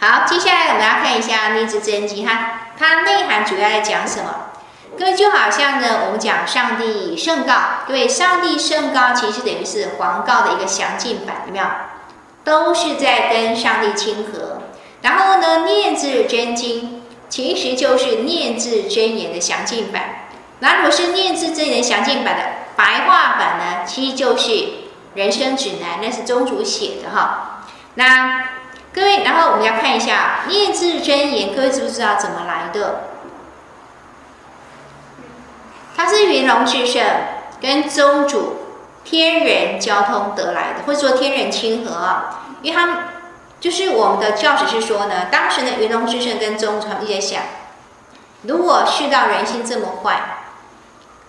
好，接下來我們要看一下《廿字真經》哈，它內涵主要在講什麼？各位就好像呢，我們講上帝聖告，因為上帝聖告其實等於是皇告的一個詳盡版，對嗎？都是在跟上帝親和，然後呢，廿字真經其實就是廿字真言的詳盡版。那如果是廿字真言詳盡版的白話版呢，其實就是人生指南，那是宗主寫的哈。那各位，然後我們要看一下廿字真言，各位知不知道怎麼來的？它是雲龍至聖跟宗主，天人交通得來的，或者說天人親和啊，因為他們就是我們的教史是說呢，當時的雲龍至聖跟宗主在想，如果世道人心這麼壞，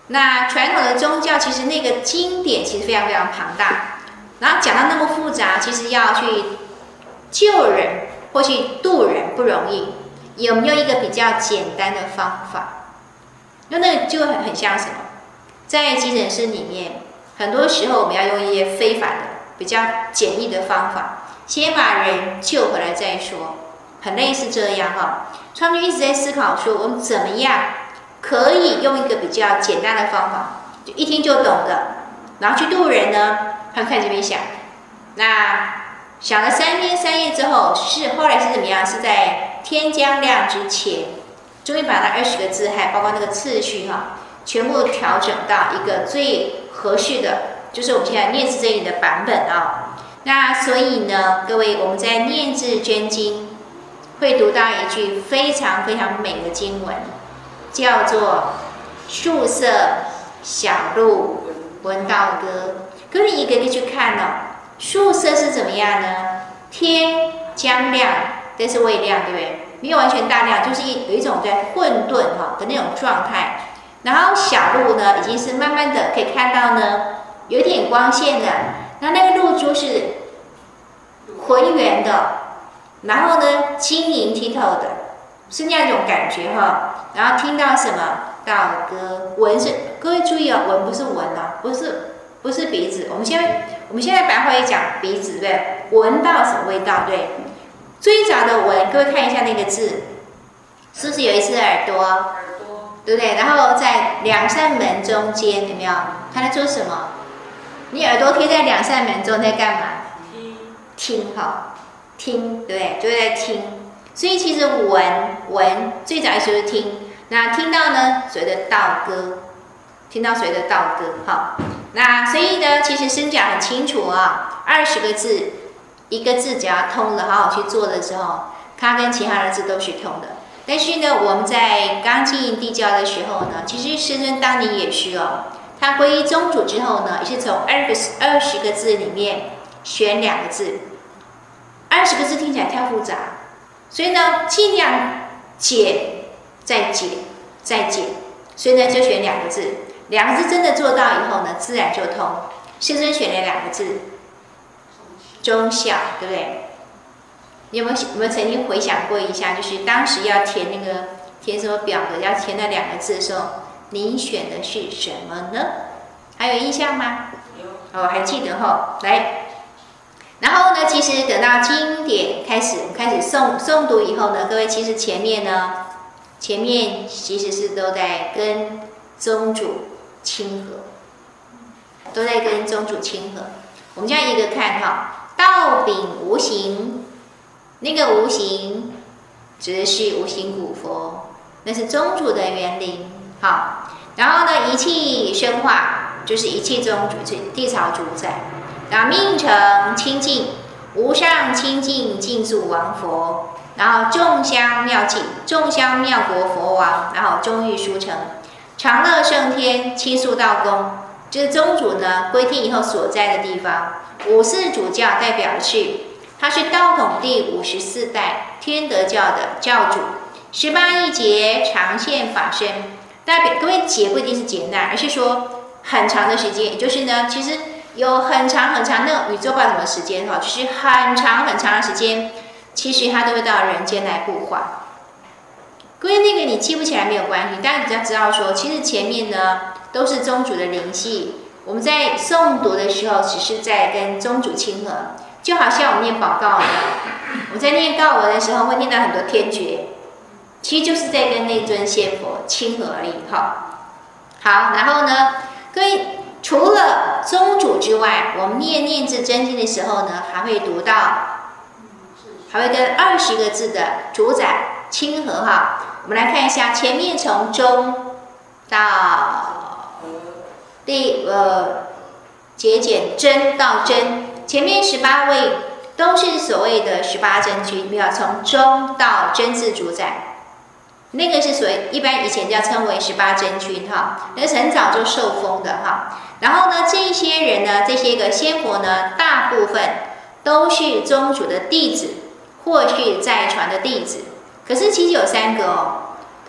那傳統的宗教其實那個經典其實非常非常龐大，然後講到那麼複雜，其實要去救人或去渡人不容易，有沒有一個比較簡單的方法？那那個就很很像什麼，在急診室裡面。很多時候我們要用一些非凡的、比較簡易的方法，先把人救回來再說。很類似這樣哈、哦。川軍一直在思考說，我們怎麼樣可以用一個比較簡單的方法，就一聽就懂的，然後去渡人呢？他們看這邊想，那想了三天三夜之後，是後來是怎麼樣？是在天將亮之前，終於把那二十個字，還包括那個次序哈、哦，全部調整到一個最。合適的，就是我們現在念字這裡的版本啊、哦。那所以呢，各位，我們在念廿字真經會讀到一句非常非常美的經文，叫做“曙色曉露聞道歌”。各位一個一個去看哦，曙色是怎麼樣呢？天將亮，但是未亮，對不對？沒有完全大亮，就是一有一種在混沌哈、哦、的那種狀態。然後小路呢，已經是慢慢的可以看到呢，有點光線了、啊。那那個露珠是渾圓的，然後呢，晶瑩剔透的，是那種感覺哈、哦。然後聽到什麼？道歌聞是，各位注意哦，聞不是聞哦，不是不是鼻子。我們先，我們現在白話也講鼻子，對不對？聞到什麼味道？對，最早的聞，各位看一下那個字，是不是有一隻耳朵？對不對？然後在兩扇門中間有沒有？他在做什麼？你耳朵貼在兩扇門中在幹嘛？聽，聽哈、哦，聽，對就會在聽。所以其實聞聞最早的時候聽。那聽到呢？誰的道歌？聽到誰的道歌？好、哦，那所以呢，其實聲講很清楚啊、哦。二十個字，一個字只要通了，好好去做的時候，它跟其他的字都是通的。但是呢，我們在剛進帝教的時候呢，其實師尊當年也是哦，他皈依宗主之後呢，也是從二十二十個字裡面選兩個字。二十個字聽起來太複雜，所以呢，盡量減再減再減，所以呢就選兩個字。兩個字真的做到以後呢，自然就通。師尊選了兩個字，忠孝，對不對？有沒有有沒有曾經回想過一下，就是當時要填那個填什麼表格，要填那兩個字的時候，您選的是什麼呢？還有印象嗎？有哦，還記得哈。來，然後呢，其實等到經典開始，我們開始誦誦讀以後呢，各位其實前面呢，前面其實是都在跟宗主親和，都在跟宗主親和。我們這樣一個看哈，道秉無形。那個無形指的是無形古佛，那是宗主的原靈。好，然後呢，一炁生化就是一炁宗主、地曹主宰，然後命承清靜，無上清淨靜肅王佛，然後眾香妙氣、眾香妙國佛王。然後鍾毓輸成、長樂聖天、清肅道宮，這就是宗主呢歸天以後所在的地方。五四主教代表的是，他是道統第五十四代天德教的教主，十八億劫常現法身。代表各位，劫不一定是劫難，而是說很長的時間，也就是呢，其實有很長很長的宇宙，不知道什麼時間哈，就是很長很長的時間，其實他都會到人間來布化。各位那個你記不起來沒有關係，但你只要知道說，其實前面呢，都是宗主的靈跡，我們在誦讀的時候只是在跟宗主親和。就好像我念禱告一樣，我在念告文的時候會念到很多天訣，其實就是在跟那尊仙佛親和而已，哈。好，然後呢，各位除了宗主之外，我們念廿字真經的時候呢，還會讀到，還會跟二十個字的主宰親和哈。我們來看一下，前面從忠到第呃節儉真到真。前面十八位都是所謂的十八真君，沒有，從忠到真字主宰，那個是所謂一般以前叫稱為十八真君哈、哦，那很早就受封的哈、哦。然後呢，這些人呢，這些一個仙佛呢，大部分都是宗主的弟子，或是再傳的弟子。可是其實有三個哦，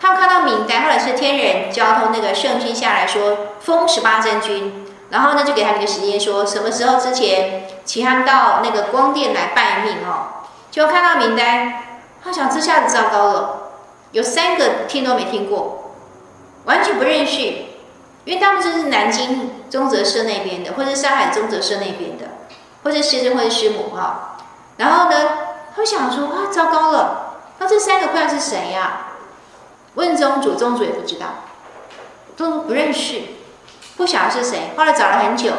他看到明代或者是天人交通那個聖君下來說封十八真君。然後呢，就給他一個時間說，說什麼時候之前，齊翰到那個光殿來拜命哦。就看到名單，他、啊、想：這下子糟糕了，有三個聽都沒聽過，完全不認識。因為他們就是南京宗哲社那邊的，或者是上海宗哲社那邊的，或者師尊或者師母哈、哦。然後呢，他想說：啊，糟糕了，那這三個不知是誰呀、啊？問宗主，宗主也不知道，宗主不認識。不曉得是誰，後來找了很久，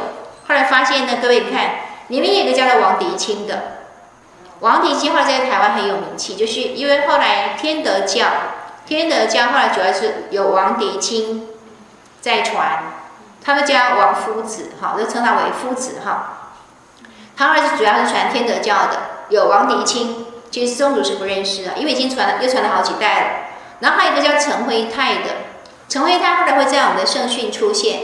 後來發現呢，各位看，你們有一個叫做王迪清的。王迪清後來在台灣很有名氣，就是因為後來天德教，天德教後來主要是有王迪清在傳，他們叫王夫子，哈，就稱他為夫子哈。他兒子主要是傳天德教的，有王迪清。其實宗主是不認識的，因為已經傳了，又傳了好幾代了。然後還有一個叫陳輝泰的，陳輝泰後來會在我們的聖訓出現。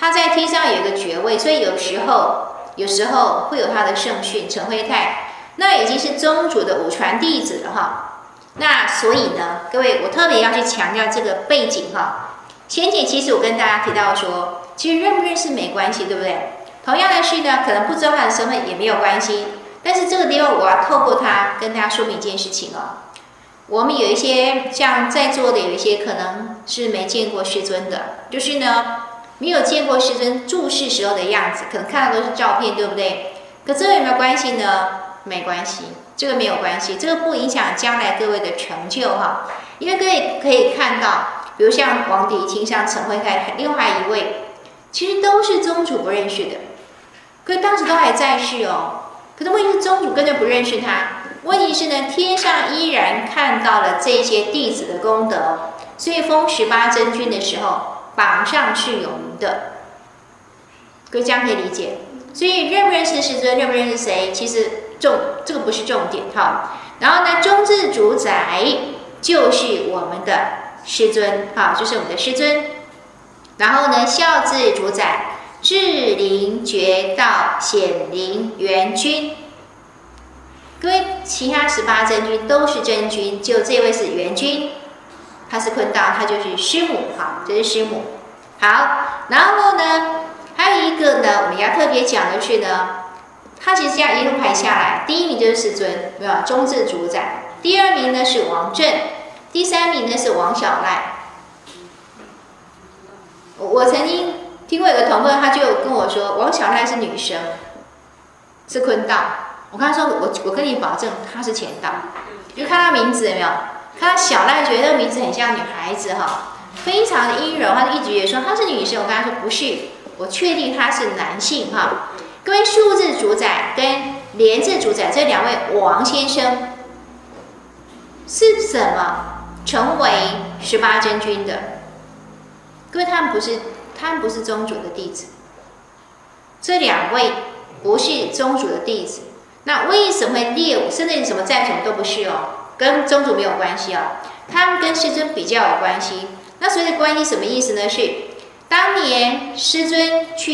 他在天上有一個爵位，所以有時候有時候會有他的聖訓。陳輝泰那已經是宗主的五傳弟子了哈。那所以呢，各位，我特別要去強調這個背景哈。前節其實我跟大家提到說，其實認不認識沒關係，對不對？同樣的是呢，可能不知道他的身份也沒有關係。但是這個地方，我要透過他跟大家說明一件事情哦。我們有一些像在座的有一些可能是沒見過師尊的，就是呢。沒有見過世尊注視時候的樣子，可能看到都是照片，對不對？可這個有沒有關係呢？沒關係，這個沒有關係，這個不影響將來各位的成就哈。因為各位可以看到，比如像王迪秦香陳慧開，另外一位，其實都是宗主不認識的，可當時都還在世哦。可是問題是宗主根本不認識他，問題是呢，天上依然看到了這些弟子的功德，所以封十八真君的時候。榜上是有名的，各位這樣可以理解。所以認不認識師尊，認不認識誰，其實重這個不是重點哈。然後呢，忠字主宰就是我們的師尊哈，就是我們的師尊。然後呢，孝字主宰智靈覺道顯靈元君，各位其他十八真君都是真君，就這位是元君，他是坤道，他就是師母哈，這，就是師母。好，然後呢，還有一個呢，我們要特別講的。去呢，他其實這樣一路排下來，第一名就是師尊，沒有忠字主宰，第二名呢是王震，第三名呢是王曉籟。我，我曾經聽過有個同奮，他就跟我說，王曉籟是女生，是坤道。我剛才說，我我跟你保證，她是乾道，就看他名字有沒有，看他曉籟，覺得那名字很像女孩子哈。非常的陰柔，他就一直也說她是女生。我跟他說不是，我確定他是男性。哈、哦，各位恕字主宰跟廉字主宰這兩位王先生是怎麼成為十八真君的？各位他們不是，他們不是宗主的弟子。這兩位不是宗主的弟子，那為什麼獵物甚至什麼戰寵都不是哦？跟宗主沒有關係哦，他們跟師尊比較有關係。那所以的關係什麼意思呢？是當年師尊去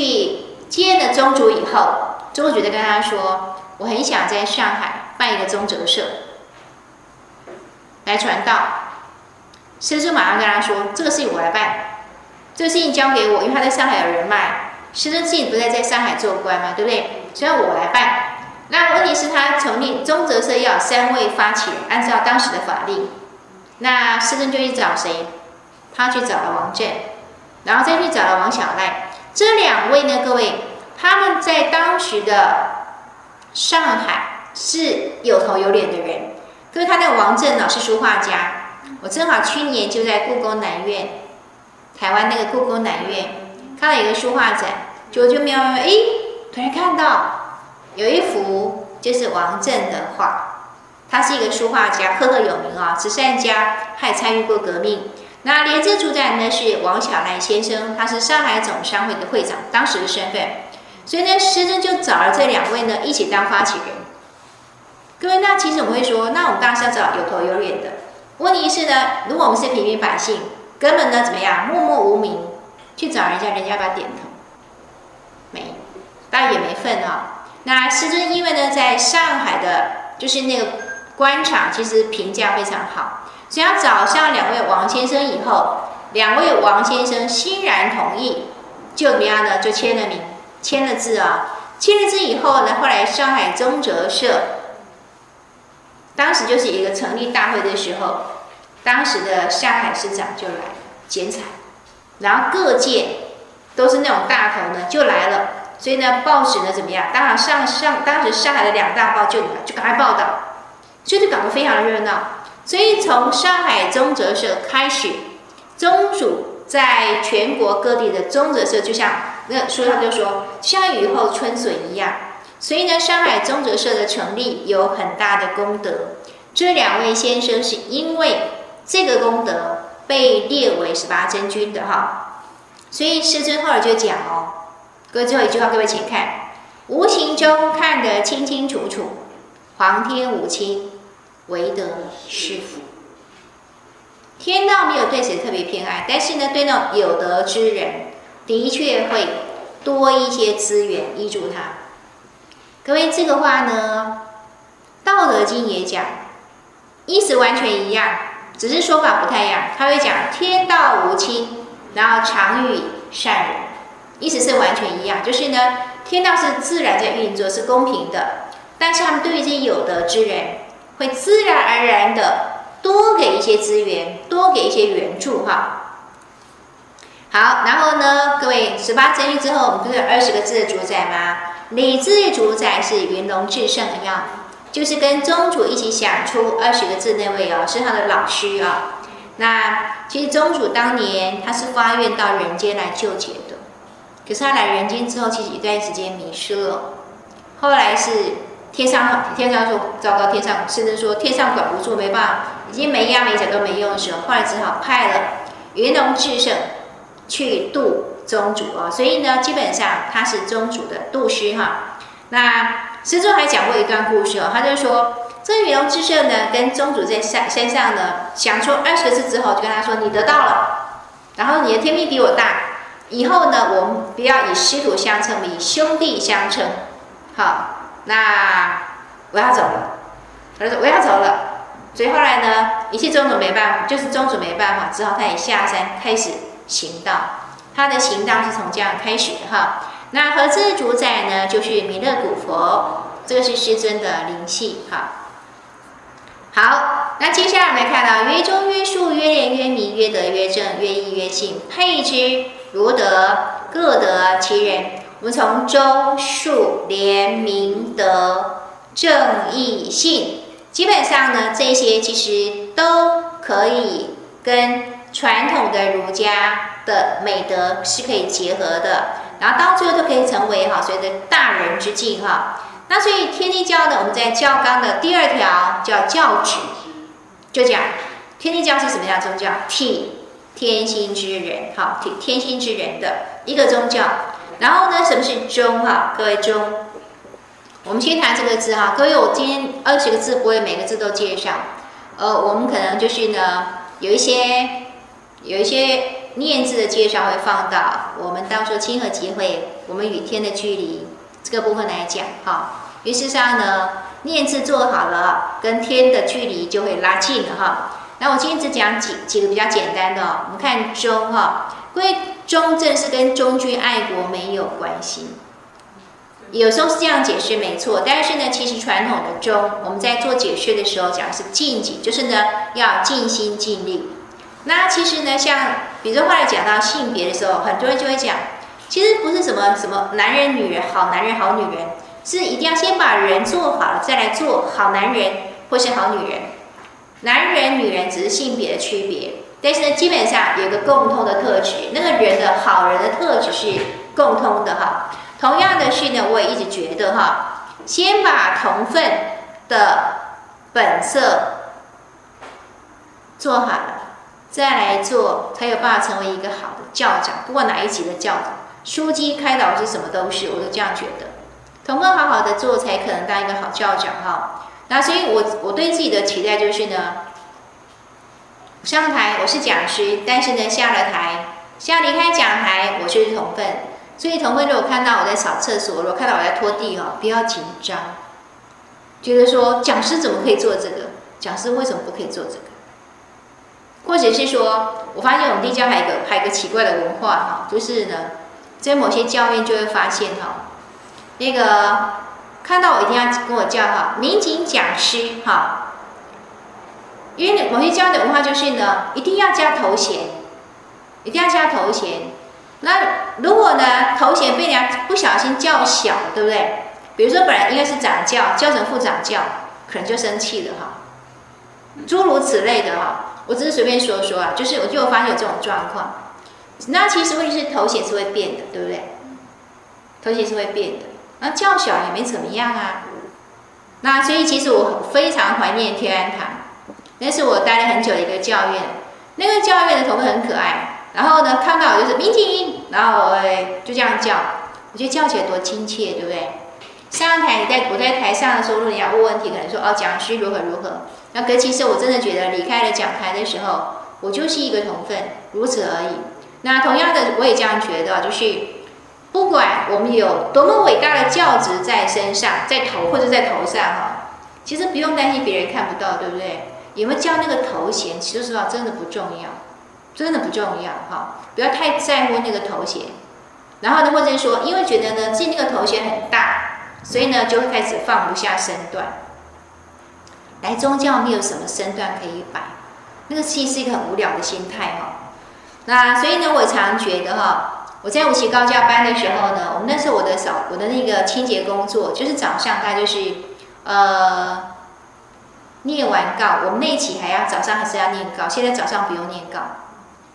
接了宗主以後，宗主在跟他說：“我很想在上海辦一個宗哲社，來傳道。”師尊馬上跟他說：“這個事情我來辦，這個事情交給我，因為他在上海有人脈。師尊自己不在在上海做官嗎？對不對？所以我來辦。那問題是，他成立宗哲社要三位發起人，按照當時的法律，那師尊就去找誰？”他去找了王震，然後再去找了王曉籟。這兩位呢，各位他們在當時的上海是有頭有臉的人。各位，他那個王震老、哦、是書畫家，我正好去年就在故宮南院，台灣那個故宮南院看了一個書畫展，結果就就瞄瞄，咦，突然看到有一幅就是王震的畫，他是一個書畫家，赫赫有名啊、哦，慈善家，他還參與過革命。那廉字主宰呢，是王曉籟先生，他是上海總商會的會長，當時的身份。所以呢，師尊就找了這兩位呢一起當發起人。各位，那其實我們會說，那我們當然要找有頭有臉的。問題是呢，如果我們是平民百姓，根本呢怎麼樣，默默無名去找人家，人家要不要點頭沒？當然也沒份啊、哦。那師尊因為呢在上海的，就是那個官場，其實評價非常好。只要找上兩位王先生以後，兩位王先生欣然同意，就怎麼樣呢？就簽了名，簽了字啊、哦！簽了字以後呢，後來上海宗哲社當時就是一個成立大會的時候，當時的上海市長就來剪彩，然後各界都是那種大頭呢就來了，所以呢，報紙呢怎麼樣？當然上上當時上海的兩大報就就趕快報道，所以就搞得非常熱鬧。所以從上海宗哲社開始，宗主在全國各地的宗哲社，就像那書上就說，像雨後春筍一樣。所以呢，上海宗哲社的成立有很大的功德。這兩位先生是因為這個功德被列為十八真君的哈。所以師尊後來就講哦，各位最後一句話，各位請看，無形中看得清清楚楚，皇天無親。唯德是輔。天道沒有對誰特別偏愛，但是呢，對那種有德之人，的確會多一些資源依助他。各位，這個話呢，《道德經》也講，意思完全一樣，只是說法不太一樣。他會講“天道無親，然後常與善人”，意思是完全一樣，就是呢，天道是自然在運作，是公平的，但是他們對於這些有德之人。會自然而然的多給一些資源，多給一些援助哈。好，然後呢，各位十八真君之後，我們不是有二十個字的主宰嗎？禮字主宰是雲龍至聖，一樣，就是跟宗主一起想出二十個字那位哦，是他的老師啊、哦。那其實宗主當年他是發願到人間來救劫的，可是他來人間之後，其實一段時間迷失了，後來是。天上，天上說糟糕，天上甚至說天上管不住，沒辦法，已經沒壓沒腳都沒用的時候，後來只好派了雲龍至聖去渡宗主啊、哦。所以呢，基本上他是宗主的渡師哈。那師尊還講過一段故事哦，他就說，這雲龍至聖呢，跟宗主在山山上呢，想出二十個字之後，就跟他說，你得到了，然後你的天命比我大，以後呢，我們不要以師徒相稱，以兄弟相稱，好、哦。那我要走了，我要走了，所以後來呢，一切宗主沒辦法，就是宗主沒辦法，只好他也下山開始行道，他的行道是從這樣開始的哈。那和字主宰呢，就是彌勒古佛，這個是師尊的靈系哈。好，那接下來我們來看到，曰忠曰恕，曰廉曰明，曰德曰正，曰義曰信，配之儒德各得其仁。我們從忠、恕、廉、明、德、正、義、信，基本上呢，這些其實都可以跟傳統的儒家的美德是可以結合的，然後到最後都可以成為哈，所謂的大仁之境哈。那所以天帝教呢，我們在教綱的第二條叫教旨，就講天帝教是什麼樣的宗教？體天心之仁哈，體天心之仁的一個宗教。然後呢，什麼是忠哈、啊。各位忠，我們先談這個字哈、啊。各位，我今天二十個字不會每個字都介紹，呃，我們可能就是呢有一些有一些廿字的介紹會放到我們到時候親和集會，我們與天的距離這個部分來講哈、啊。於是上呢，廿字做好了，跟天的距離就會拉近了哈。啊那我今天只講幾幾個比較簡單的、哦。我們看忠哈、哦，因為忠正是跟忠君愛國沒有關係，有時候是這樣解釋沒錯。但是呢，其實傳統的忠，我們在做解釋的時候講的是盡己，就是呢要盡心盡力。那其實呢，像比如說後來講到性別的時候，很多人就會講，其實不是什麼什麼男人女人好男人好女人，是一定要先把人做好了，再來做好男人或是好女人。男人、女人，只是性別的區別，但是呢，基本上有一個共通的特質，那個人的好人的特質是共通的哈。同樣的事呢，我也一直覺得哈，先把同奮的本色做好了，再來做才有辦法成為一個好的教長。不管哪一級的教長、書記、開導，是什麼都是，我都這樣覺得。同奮好好的做，才可能當一個好教長哈。那、啊、所以我，我我對自己的期待就是呢，上台我是講師，但是呢，下了台，下離開講台，我就是同奮。所以同奮如果看到我在掃廁所，如果看到我在拖地哦，不要緊張，覺得說講師怎麼可以做這個？講師為什麼不可以做這個？或者是說我發現我們帝教還有個還有個奇怪的文化哈、哦，就是呢，在某些教院就會發現哈、哦，那個。看到我一定要跟我叫哈，民警講師哈，因為我去教的話就是呢，一定要加頭銜，一定要加頭銜。那如果呢頭銜被人家不小心叫小，對不對？比如說本來應該是長教，叫成副長教，可能就生氣了哈。諸如此類的哈，我只是隨便說說啊，就是我就有發現有這種狀況。那其實問題是頭銜是會變的，對不對？頭銜是會變的。那教、啊、小也沒怎麼樣啊，那所以其實我非常懷念天安堂，那是我待了很久的一個教院。那個教院的同分很可愛，然後呢，看到就是民警，然後我就這樣叫，我覺得叫起來多親切，對不對？上台你在我在台上的時候，問人家問問題，可能說哦，講師如何如何。那可其實我真的覺得離開了講台的時候，我就是一個同分，如此而已。那同樣的，我也這樣覺得，就是。不管我們有多麼偉大的教職在身上，在頭或者在頭上哈，其實不用擔心別人看不到，對不對？有沒有叫那個頭銜？其實說真的不重要，真的不重要哈，不要太在乎那個頭銜。然後呢，或者說因為覺得呢，自己那個頭銜很大，所以呢就會開始放不下身段。來宗教你有什麼身段可以擺，那個氣是一個很無聊的心態哈。那所以呢，我常覺得哈。我在五期高教班的時候呢，我們那時候我的掃我的那個清潔工作，就是早上他就是呃念完誥，我們那期還要早上還是要念誥，現在早上不用念誥。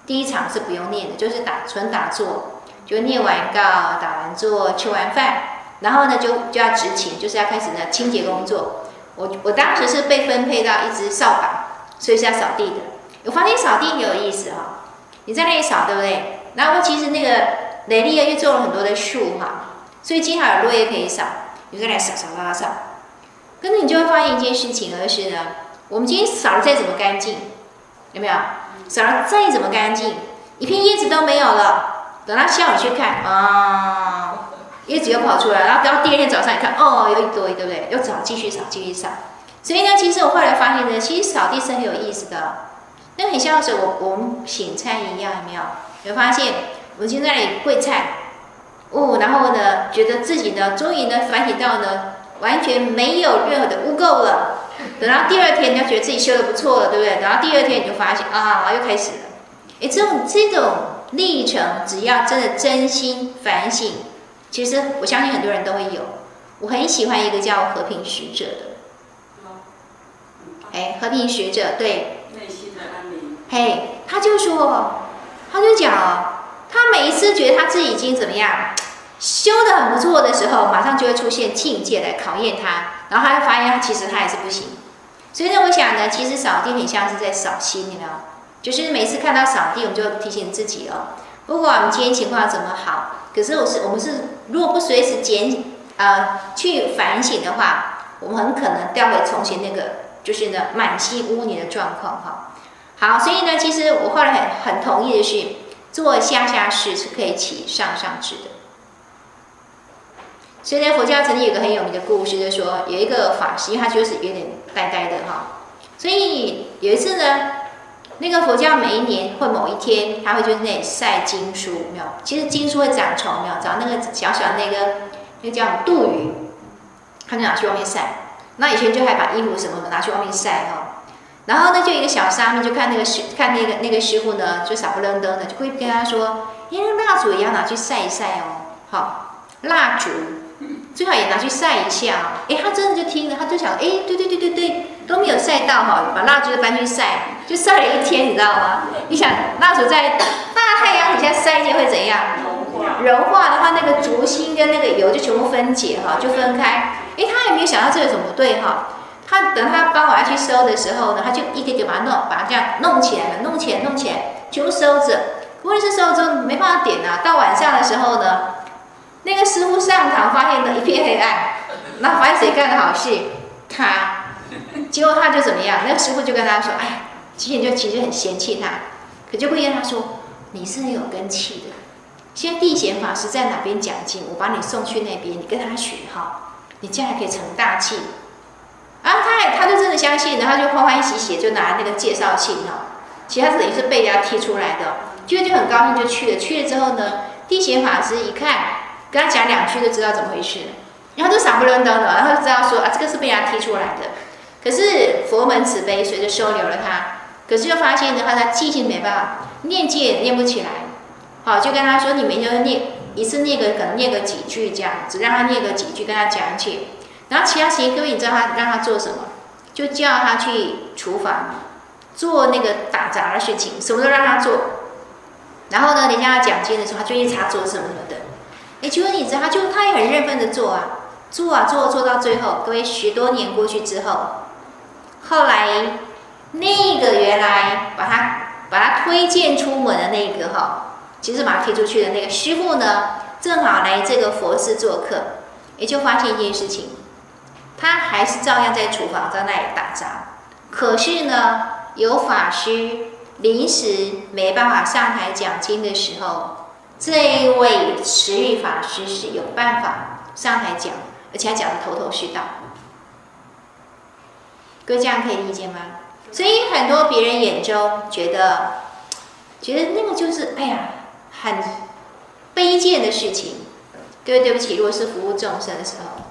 第一場是不用念的，就是打純打坐，就念完誥，打完坐吃完飯，然後呢就就要執勤，就是要開始呢清潔工作。我我當時是被分配到一支掃把，所以是要掃地的。我發現掃地很有意思啊、哦，你在那裡掃，對不對？然後其實那個雷利啊，又種了很多的樹哈，所以經常有落葉可以掃，你再來掃掃掃掃，跟着你就會發現一件事情，而是呢，我們今天掃得再怎麼乾淨，有沒有？掃得再怎麼乾淨，一片葉子都沒有了。等他下午去看啊，葉子又跑出來，然後等到第二天早上一看，哦，有一堆，對不對？又掃，繼續掃，繼續掃。所以呢，其實我後來發現呢，其實掃地是很有意思的，那很像我我我們洗菜一樣，有沒有？就發現，我現在跪懺哦，然後呢，覺得自己呢，終於呢，反省到呢，完全沒有任何的污垢了。等到第二天，你要覺得自己修得不錯了，對不對？等到第二天你就發現啊，又開始了。哎，這種這種歷程，只要真的真心反省，其實我相信很多人都會有。我很喜歡一個叫和平使者的，哎、和平使者對，內心的安寧，嘿，他就說。他就講哦，他每一次覺得他自己已經怎麼樣修得很不錯的時候，馬上就會出現境界來考驗他，然後他就發現他其實他也是不行。所以呢，我想呢，其實掃地很像是在掃心，你知道，就是每次看到掃地，我們就提醒自己哦，不管我們今天情況怎麼好，可是我是我們是如果不隨時檢啊、呃、去反省的話，我們很可能掉回從前那個就是呢滿心污泥的狀況哈。好，所以呢，其實我後來很很同意的是，做下下事是可以啟上上智的。所以呢，佛教曾經有一個很有名的故事，就是、說有一個法師，他就是有點呆呆的哈、哦。所以有一次呢，那個佛教每一年會某一天，他會就在那裡曬經書，有沒有？其實經書會長蟲，有沒有？找那個小小那個，就、那個、叫蠹魚，他就拿去外面曬。那以前就還把衣服什麼的拿去外面曬哈。然後呢，就一個小沙彌就看那個師看那個那個師傅呢，就傻不愣登的，就會跟他說：“因為蠟燭也要拿去曬一曬哦，好，蠟燭最好也拿去曬一下啊、哦。”哎，他真的就聽了，他就想：“哎，對對對對對，都沒有曬到哈、哦，把蠟燭搬去曬，就曬了一天，你知道嗎？你想蠟燭在大太陽底下曬一天會怎樣？融化，融化的話，那個燭芯跟那個油就全部分解哈、哦，就分開。哎，他也沒有想到這個怎麼不對哈、哦。”他等他傍晚去收的時候呢，他就一點點把它弄，把它這樣弄起來了，弄起來，弄起來，就收着。無論是收着，沒辦法點啊。到晚上的時候呢，那個師父上堂發現了一片黑暗，那反正誰幹的好事？他，結果他就怎麼樣？那個師父就跟他說：“哎，其實就其實很嫌棄他，可就不一樣。”他說：“你是很有根氣的，現在諦閑法師在哪邊講經？我把你送去那邊，你跟他學哈，你將來可以成大器。”啊，他也他就真的相信，然後就歡歡喜喜就拿那個介紹信哦，其他等於是被人家踢出來的，就就很高興就去了。去了之後呢，諦閑法師一看，跟他講兩句就知道怎麼回事，然後就傻不愣登的，然後就知道說啊，這個是被人家踢出來的。可是佛門慈悲，遂就收留了他，可是又發現的話，他記性沒辦法，念經也念不起來。好，就跟他說，你每天要念一次，念個可能念個幾句這樣，只讓他念個幾句，跟他講解。然後其他時間各位，你知道他讓他做什麼？就叫他去廚房做那個打雜的事情，什麼都讓他做。然後呢，人家講經的時候，他就去擦桌什麼什麼的。哎，其實你知道，他就他也很認真的做啊，做啊做，做到最後，各位，許多年過去之後，後來那個原來把他把他推薦出門的那個哈，其實把他推出去的那個師傅呢，正好來這個佛寺做客，也就發現一件事情。他還是照樣在廚房在那裡打雜，可是呢，有法師臨時沒辦法上台講經的時候，這位慈玉法師是有辦法上台講，而且他講的頭頭是道。各位這樣可以理解嗎？所以很多別人眼中覺得，覺得那個就是哎呀，很卑賤的事情。各位對不起，如果是服務眾生的時候。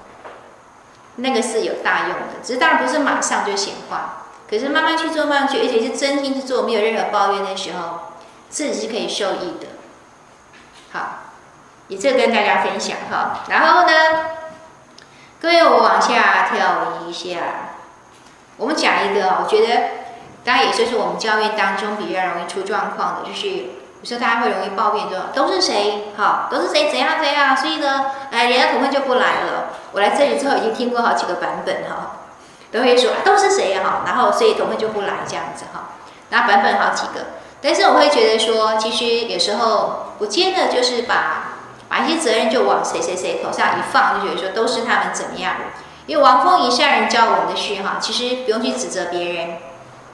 那個是有大用的，只是當然不是馬上就顯化，可是慢慢去做，慢慢去，而且是真心去做，沒有任何抱怨的時候，自己是可以受益的。好，以這個跟大家分享哈。然後呢，各位我往下跳一下，我們講一個，我覺得，當然也就是我們教育當中比較容易出狀況的，就是。如說大家會容易抱怨說都是誰哈，都是誰,都是誰怎樣怎樣，所以呢，哎，人家同奮就不來了。我來這裡之後已經聽過好幾個版本哈，都會說都是誰哈，然後所以同奮就不來這樣子哈，那版本好幾個。但是我會覺得說，其實有時候不見得就是把把一些責任就往誰誰誰頭上一放，就覺得說都是他們怎麼樣。因為王鳳儀善人教我們的須哈，其實不用去指責別人，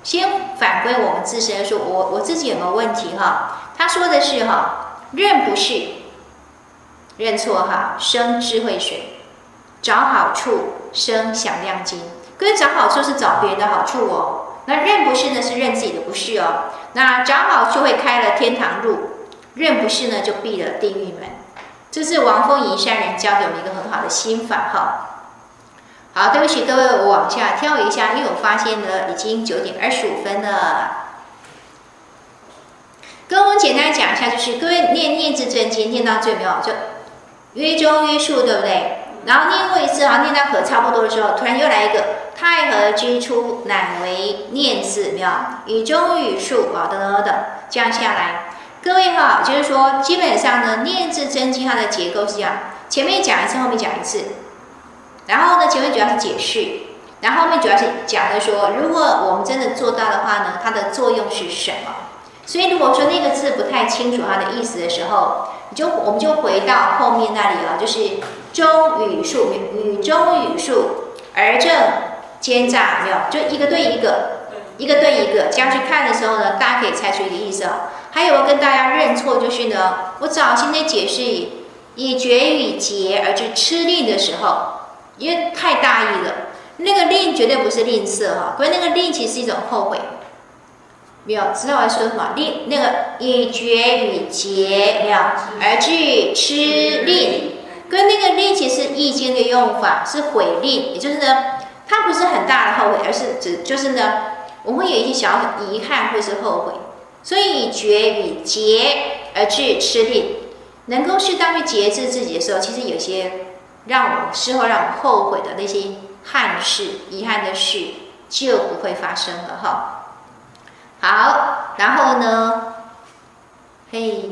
先反歸我們自身，就是、說我我自己有沒有問題哈？他說的是哈，認不是，認錯哈，生智慧水；找好處，生響亮金。跟找好處是找別人的好處哦，那認不是呢是認自己的不是哦。那找好處會開了天堂路，認不是呢就閉了地獄門。這是王鳳儀善人教給我們一個很好的心法哈。好，對不起各位，我往下跳一下，因為我發現呢，已經九點二十五分了。跟我們簡單講一下，就是各位念廿字真經念到最，沒有就曰忠曰恕，對不對？然後念過一次啊，念到可差不多的時候，突然又來一個太和之初，乃為廿字，沒有？以忠與恕，啊，等這樣下來，各位哈，就是說基本上呢，廿字真經它的結構是這樣：前面講一次，後面講一次，然後呢，前面主要是解釋，然後後面主要是講的是說，如果我們真的做到的話呢，它的作用是什麼？所以，如果說那個字不太清楚它的意思的時候，你就我們就回到後面那裡了，哦，就是忠與恕，與忠與恕，而正奸詐，有沒有，就一個對一個，一個對一個，這樣去看的時候呢，大家可以猜出一個意思，哦。還有我跟大家認錯，就是呢，我早先的解釋以以覺與節而去痴吝的時候，因為太大意了，那個吝絕對不是吝嗇哈，因為那個吝其實是一種後悔。沒有，知道我在說什麼？吝那個以覺與節、沒有而治痴吝，跟那個吝其實是《易經》的用法，是悔吝，也就是呢，它不是很大的後悔，而是指就是呢，我們會有一些小遺憾，會是後悔，所以，以覺與節而治痴吝，能夠適當去節制自己的時候，其實有些讓我事後讓我後悔的那些憾事，遺憾的事就不會發生了哈。好，然後呢？嘿，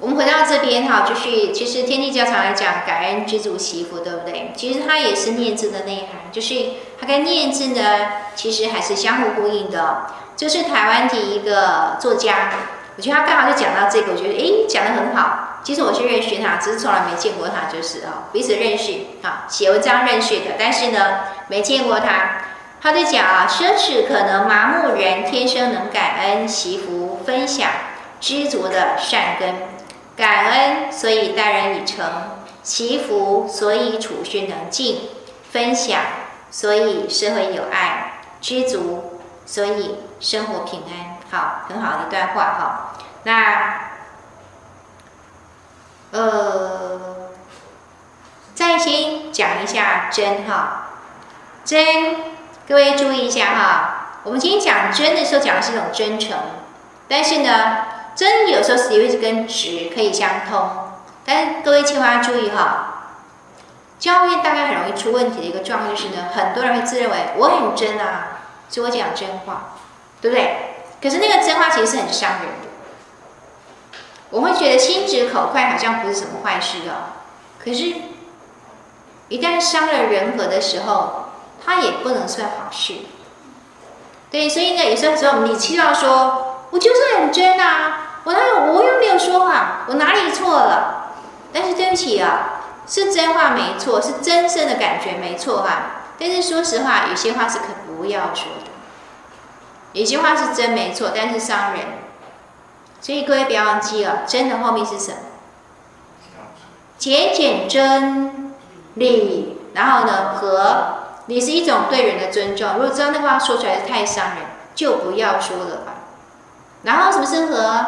我們回到這邊，哈，就是其實天帝教常來講，感恩知足惜福，對不對？其實它也是廿字的內涵，就是它跟廿字呢，其實還是相互呼應的。就是台灣的一個作家，我覺得他剛好就講到這個，我覺得誒，講的很好。其實我是認識他，只是從來沒見過他，就是哦，彼此認識啊，寫文章認識的，但是呢，沒見過他。他在講啊，奢侈可能麻木人天生能感恩、惜福、分享、知足的善根。感恩所以待人以誠，惜福所以處事能敬，分享所以社會有愛，知足所以生活平安。好，很好的一段話哈、哦。那，呃，再先講一下真哈、哦，真。各位注意一下哈，我們今天講“真”的時候講的是一種真誠，但是呢，“真”有時候是一個跟“直”可以相通。但是各位，千萬要注意哈，教院面大概很容易出問題的一個狀況就是呢，很多人會自認為我很真啊，所以我講真話，對不對？可是那個真話其實是很傷人的。我會覺得心直口快好像不是什麼壞事哦，可是，一旦傷了人和的時候。它也不能算好事，對，所以呢，有些時候你聽到說，我就是很真啊，我哪我又沒有說話，我哪裡錯了？但是對不起啊，是真話沒錯，是真正的感覺沒錯哈。但是說實話，有些話是可不要說的，有些話是真沒錯，但是傷人。所以各位不要忘記了，哦，真的後面是什麼？節儉真禮，然後呢和。你是一種對人的尊重。如果知道那話說出來太傷人，就不要說了吧。然後什麼生和，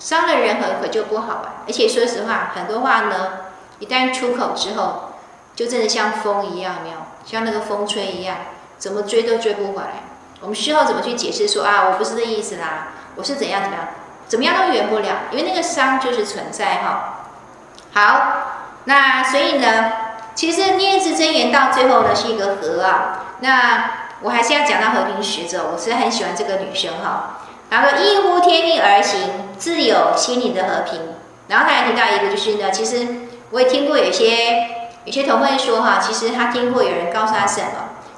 傷了人和可就不好啊。而且說實話，很多話呢，一旦出口之後，就真的像風一樣，有沒有像那個風吹一樣，怎麼追都追不回來。我們事後怎麼去解釋說啊，我不是這意思啦，我是怎樣怎樣，怎樣，怎麼樣都圓不了，因為那個傷就是存在哈。好，那所以呢？其實《廿字真言》到最後呢，是一個和啊，那我還是要講到和平使者，我是很喜歡這個女生哈。然後應乎天命而行，自有心靈的和平。然後他還提到一個就是呢，其實我也聽過有些有些同奮說哈，其實他聽過有人告訴他什麼，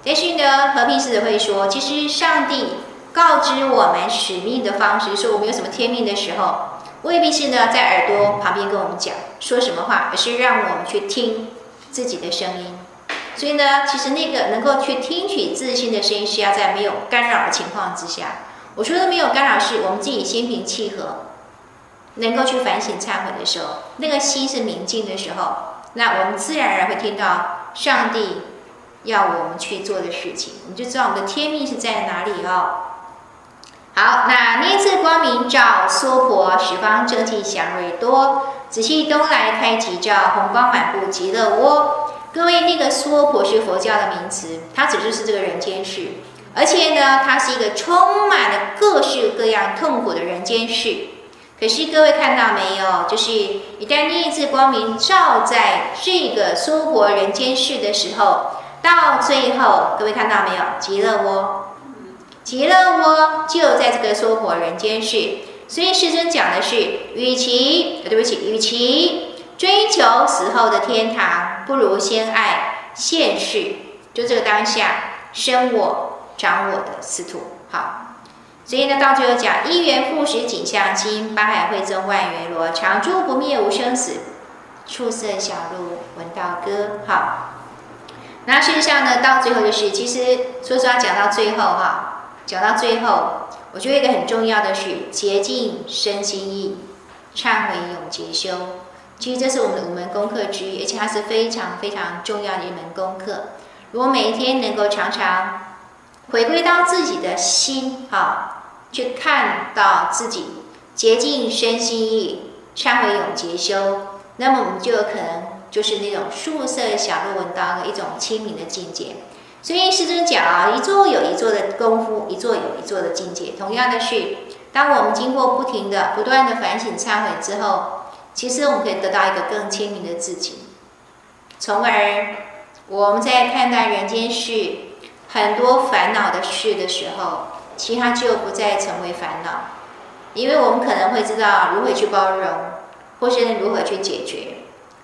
也許呢，和平使者會說，其實上帝告知我們使命的方式，說我們有什麼天命的時候，未必是呢，在耳朵旁邊跟我們講說什麼話，而是讓我們去聽。自己的聲音，所以呢，其實那個能夠去聽取自心的聲音，是要在沒有干擾的情況之下。我說的沒有干擾是，是我們自己心平氣和，能夠去反省懺悔的時候，那個心是明淨的時候，那我們自然而然會聽到上帝要我們去做的事情，我們就知道我們的天命是在哪裡哦。好，那廿字光明照娑婆，十方正氣祥瑞多。紫氣東來開吉兆，紅光滿佈極樂窩。各位，那個娑婆是佛教的名詞，它指的就是這個人間世，而且呢，它是一個充滿了各式各樣痛苦的人間世。可是各位看到沒有？就是一旦那一次光明照在這個娑婆人間世的時候，到最後，各位看到沒有？極樂窩，極樂窩就在這個娑婆人間世。所以，師尊講的是，與其，對不起，與其追求死後的天堂，不如先愛現世，就這個當下生我長我的斯土。好，所以呢，到最後講一元復始氣象新，八海匯宗萬源羅，常住不滅無生死，曙色曉露聞道歌。好，那事實上呢，到最後就是，其實說實話講到最後哈，講到最後。我覺得一個很重要的是，是潔淨身心意，懺悔永劫修。其實這是我們的五門功課之一，而且它是非常非常重要的一門功課。如果每一天能夠常常回歸到自己的心啊，去看到自己潔淨身心意，懺悔永劫修，那麼我們就有可能就是那種曙色曉露聞道的一種清明的境界。所以，師尊講啊，一坐有一坐的工夫，一坐有一坐的境界。同樣的是，是當我們經過不停的、不斷的反省、懺悔之後，其實我們可以得到一個更清明的自己，從而我們在看待人間事、很多煩惱的事的時候，其他就不再成為煩惱，因為我們可能會知道如何去包容，或是如何去解決。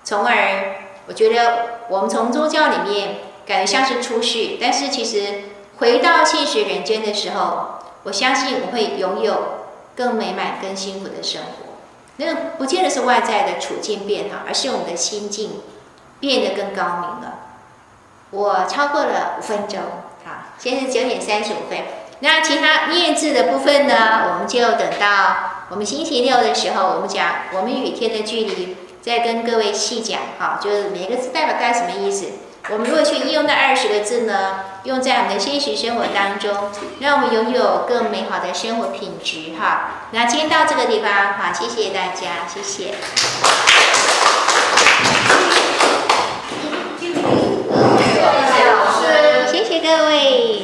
從而，我覺得我們從宗教裡面。感覺像是出去，但是其實回到現實人間的時候，我相信我們會擁有更美滿、更幸福的生活。那個、不見得是外在的處境變好，而是我們的心境變得更高明了。我超過了五分鐘，好，現在是九點三十五分。那其他廿字的部分呢？我們就等到我們星期六的時候，我們講我們與天的距離，再跟各位細講。哈，就是每一個字代表它什麼意思。我們如果去應用那二十個字呢，用在我們的現實生活當中，讓我們擁有更美好的生活品質哈。那今天到這個地方好，謝謝大家，謝謝。謝謝各位。